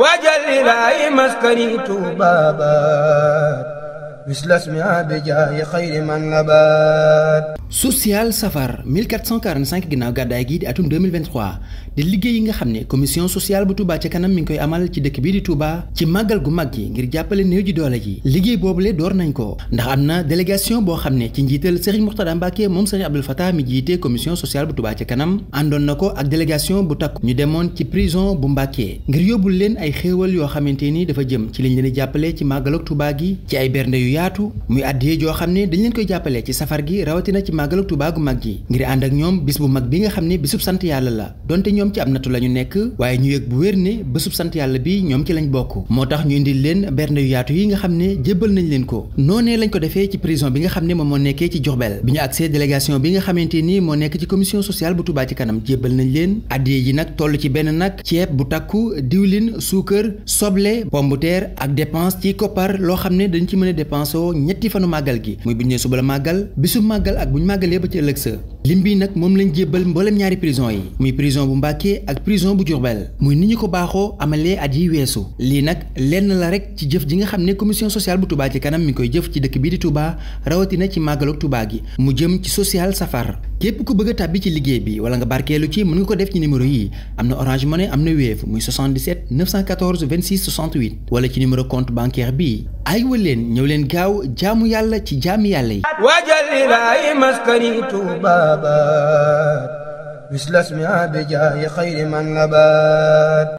waajal ilaahi maskani tuuba social safar 1445 ginnaaw gàddaay gi di atum 2023 di liggéey yi nga xam ne commission sociale bu Touba ca kanam mi ngi koy amal ci dëkk bi di Touba ci màggal gu mag gi ngir jàppale néew ji doole ji liggéey boobu boobule door nañ ko ndax am na délégation boo xam ne ci njiital Serigne Mourtada Mbacke moom Serigne Abdoul Fatah mi jiite commission sociale bu Touba ca kanam àndoon na ko ak délégation bu takku ñu demoon ci prison bu Mbacke ngir yóbbul leen ay xéewal yoo xamante ni dafa jëm ci liñ leen di jàppale ci màggalug Touba ay bernde yu yaatu muy àddiyee joo xam ne dañ leen koy jàppale ci safar gi rawatina ci màggalu Tuubaa gu mag gi ngir ànd ak ñoom bis bu mag bi nga xam ne bésub sant yàlla la donte ñoom ci am natu la ñu nekk waaye ñu yëg bu wér ne bésub sant yàlla bi ñoom ci lañ bokk moo tax ñu indil leen bernde yu yaatu yi nga xam ne jébbal nañ leen ko noonee lañ ko defee ci prison bi nga xam ne moom moo nekkee ci Diourbel bi ñu agsee délégation bi nga xamante ni moo nekk ci commission sociale bu Tuubaa ci kanam jébbal nañ leen àddiyee ci benn nag ceeb bu takku diwlin suukar soble pombu teer ak dépense ci koppar loo xam ne dañ ci lancé ñetti fanu màggal gi muy bu ñu nee suba la màggal bisu màggal ak bu màggalee ba ci ëllëg sa lim bi nag moom lañ jébbal mboolem ñaari prison yi muy prison bu Mbàkke ak prison bu Jurbel muy ni ñu ko baaxoo amalee at yi weesu lii nag lenn la rek ci jëf ji nga xam ne commission sociale bu tubaa ci kanam mi ngi koy jëf ci dëkk bii di Touba rawatina ci màggalug tubaa gi mu jëm ci social safar képp ku bëgg tàbbi ci liggéey bi wala nga barkeelu ci nga ko def ci yi am na Orange Money am na Wave muy 77 914 26 68 wala ci numéro aywa leen ñëw leen gaaw jaamu yàlla ci jaami yàlla yi waajal ilaahi maskani tubaaba mislasmi abijaayi xayri man nabaat